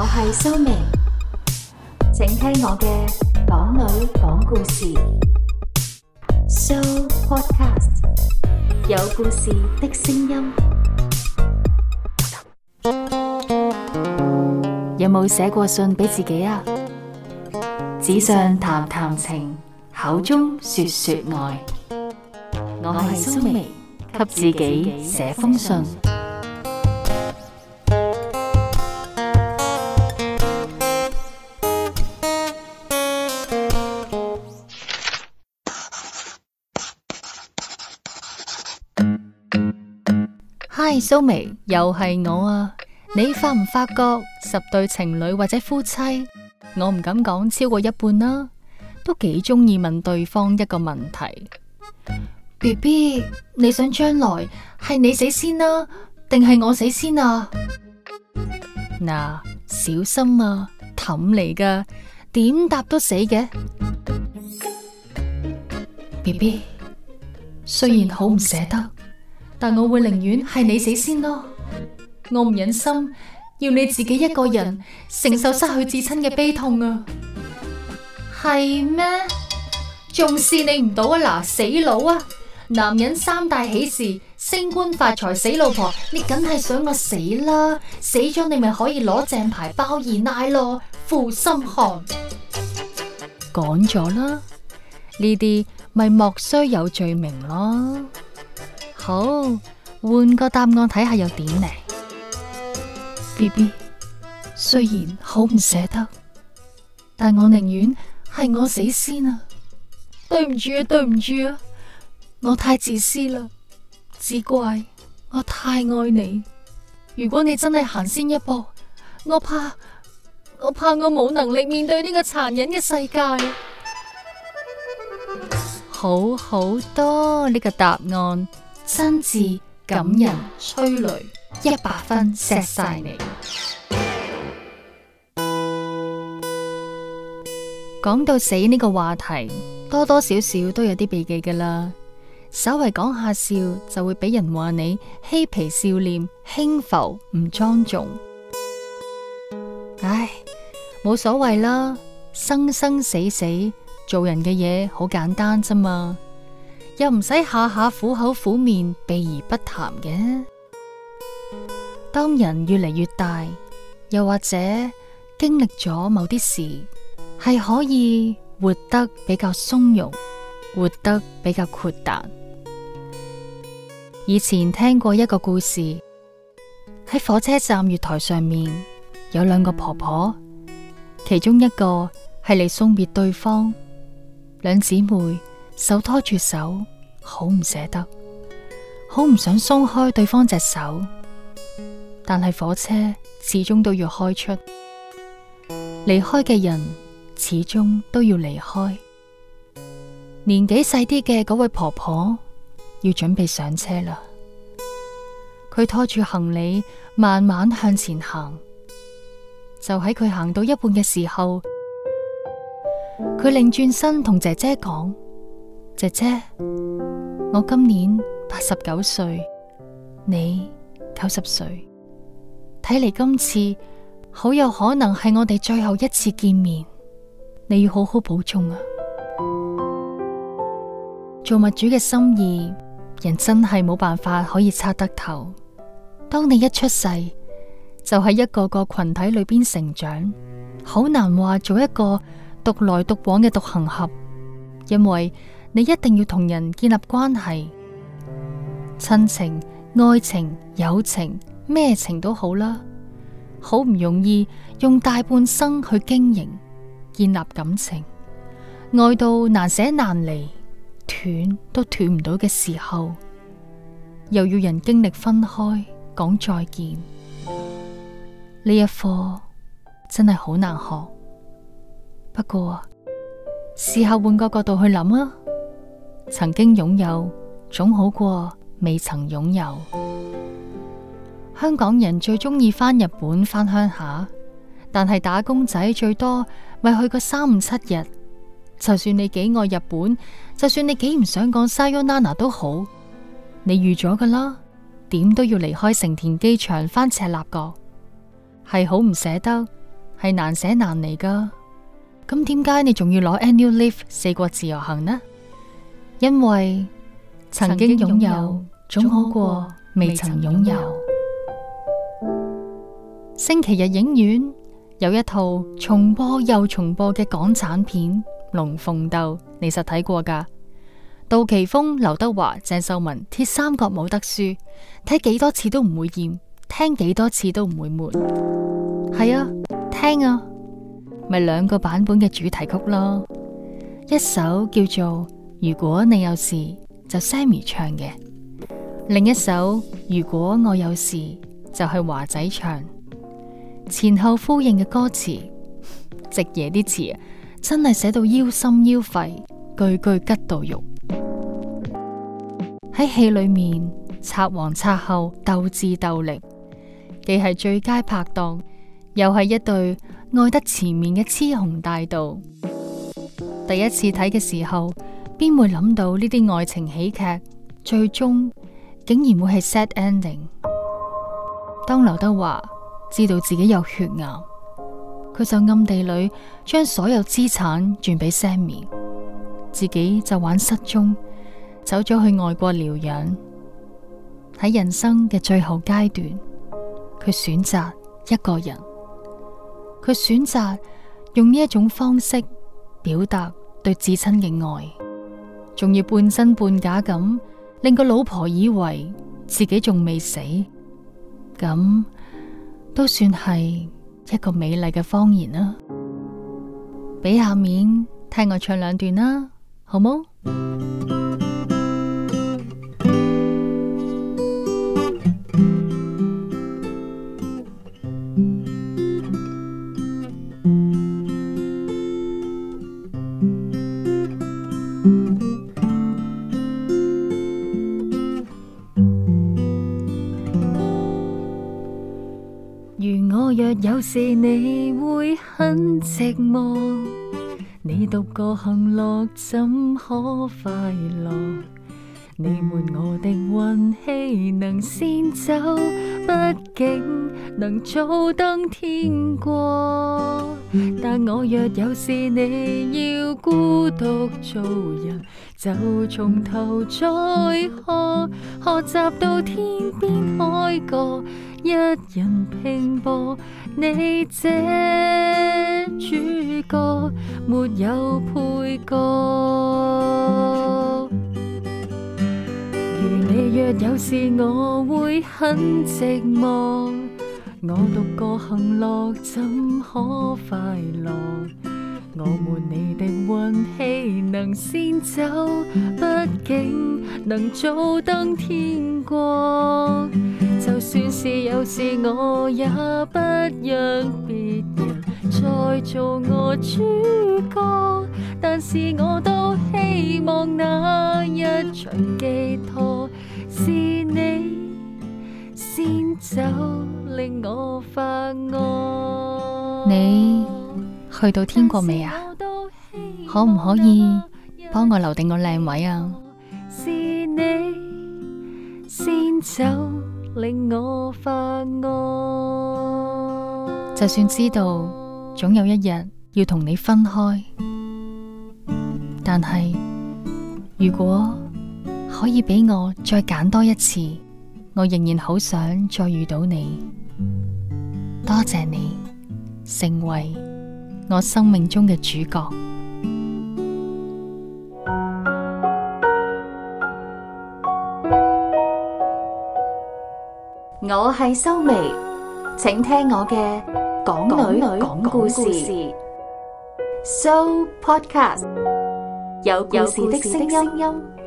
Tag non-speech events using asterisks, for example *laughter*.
我係蘇明，請聽我嘅港女講故事。So Podcast 有故事的聲音。有冇寫過信俾自己啊？紙上談談情，口中說說愛。我係蘇明，給自己寫封信。嗨，蘇眉又係我啊！你發唔發覺十對情侶或者夫妻，我唔敢講超過一半啦，都幾中意問對方一個問題：BB，你想將來係你死先啦，定係我死先啊？嗱，小心啊，氹嚟噶，點答都死嘅。BB，雖然好唔捨得。但我會寧願係你死先咯，我唔忍心要你自己一個人承受失去至親嘅悲痛啊！係咩？仲試你唔到啊，嗱，死佬啊！男人三大喜事升官發財死老婆，你梗係想我死啦！死咗你咪可以攞正牌包二奶咯，負心漢！講咗啦，呢啲咪莫須有罪名咯。好，換個答案睇下又點呢？BB，雖然好唔捨得，但我寧願係我死先啊！對唔住啊，對唔住啊，我太自私啦，只怪我太愛你。如果你真係行先一步，我怕我怕我冇能力面對呢個殘忍嘅世界。好好多呢個答案。真摯感人催淚，一百分，錫晒你。講到死呢個話題，多多少少都有啲避忌㗎喇。稍微講下笑，就會俾人話你嬉皮笑臉、輕浮唔莊重。唉，冇所謂啦，生生死死做人嘅嘢好簡單啫嘛。又唔使下下苦口苦面避而不談嘅。當人越嚟越大，又或者經歷咗某啲事，係可以活得比較鬆容，活得比較豁達。以前聽過一個故事，喺火車站月台上面有兩個婆婆，其中一個係嚟送別對方兩姊妹。手拖住手，好唔捨得，好唔想鬆開對方隻手，但係火車始終都要開出，離開嘅人始終都要離開。年紀細啲嘅嗰位婆婆要準備上車啦，佢拖住行李慢慢向前行，就喺佢行到一半嘅時候，佢擰轉身同姐姐講。姐姐，我今年八十九歲，你九十歲，睇嚟今次好有可能係我哋最後一次見面。你要好好保重啊！造物主嘅心意，人真係冇辦法可以測得透。當你一出世，就喺一個個群體裏邊成長，好難話做一個獨來獨往嘅獨行俠，因為。你一定要同人建立關係，親情、愛情、友情，咩情都好啦。好唔容易用大半生去經營、建立感情，愛到難捨難離，斷都斷唔到嘅時候，又要人經歷分開、講再見，呢一課真係好難學。不過，事後換個角度去諗啊！曾經擁有總好過未曾擁有。 *music* 香港人最中意返日本返鄉下，但係打工仔最多咪去個三五七日。就算你幾愛日本，就算你幾唔想講 Sayonara 都好，你預咗噶啦，點都要離開成田機場返赤鱲角，係好唔捨得，係難捨難離噶。咁點解你仲要攞 Annual Leave 四國自由行呢？因為曾經擁有總好過未曾擁有。星期日影院有一套重播又重播嘅港產片《龍鳳鬥》，你實睇過噶？杜琪峯、劉德華、鄭秀文，鐵三角冇得輸，睇幾多次都唔會厭，聽幾多次都唔會悶。係啊，聽啊，咪兩個版本嘅主題曲咯，一首叫做。如果你有事，就 Sammy 唱嘅另一首。如果我有事，就係華仔唱，前後呼應嘅歌詞， *laughs* 夕爺啲詞真係寫到腰心腰肺，句句吉到肉。喺戲裏面，賊王賊后鬥智鬥力，既係最佳拍檔，又係一對愛得纏綿嘅雌雄大盜。第一次睇嘅時候。邊會諗到呢啲愛情喜劇最終竟然會係 sad ending？當劉德華知道自己有血癌，佢就暗地裏將所有資產轉俾 Sammy，自己就玩失蹤，走咗去外國療養。喺人生嘅最後階段，佢選擇一個人，佢選擇用呢一種方式表達對至親嘅愛。仲要半真半假咁，令個老婆以為自己仲未死，咁都算係一個美麗嘅謊言啦。俾下面聽我唱兩段啦，好冇？有時你會很寂寞，你獨個行樂怎可快樂？你沒我的運氣，能先走。畢竟能早登天國，但我若有事你要孤獨做人，就從頭再學學習到天邊海角，一人拼搏。你這主角沒有配角。你若有事，我會很寂寞。我獨個行樂怎可快樂？我沒你的運氣能先走，畢竟能早登天國。就算是有事，我也不讓別人。再做我主角，但是我都希望那一場寄託是你先走，令我發惡。你去到天國未啊？可唔可以幫我留定個靚位啊？是你先走，令我發惡。就算知道。總有一日要同你分開，但係如果可以俾我再揀多一次，我仍然好想再遇到你。多謝你成為我生命中嘅主角。我係修眉，請聽我嘅。講女女講故事，So Podcast 有故事的聲音。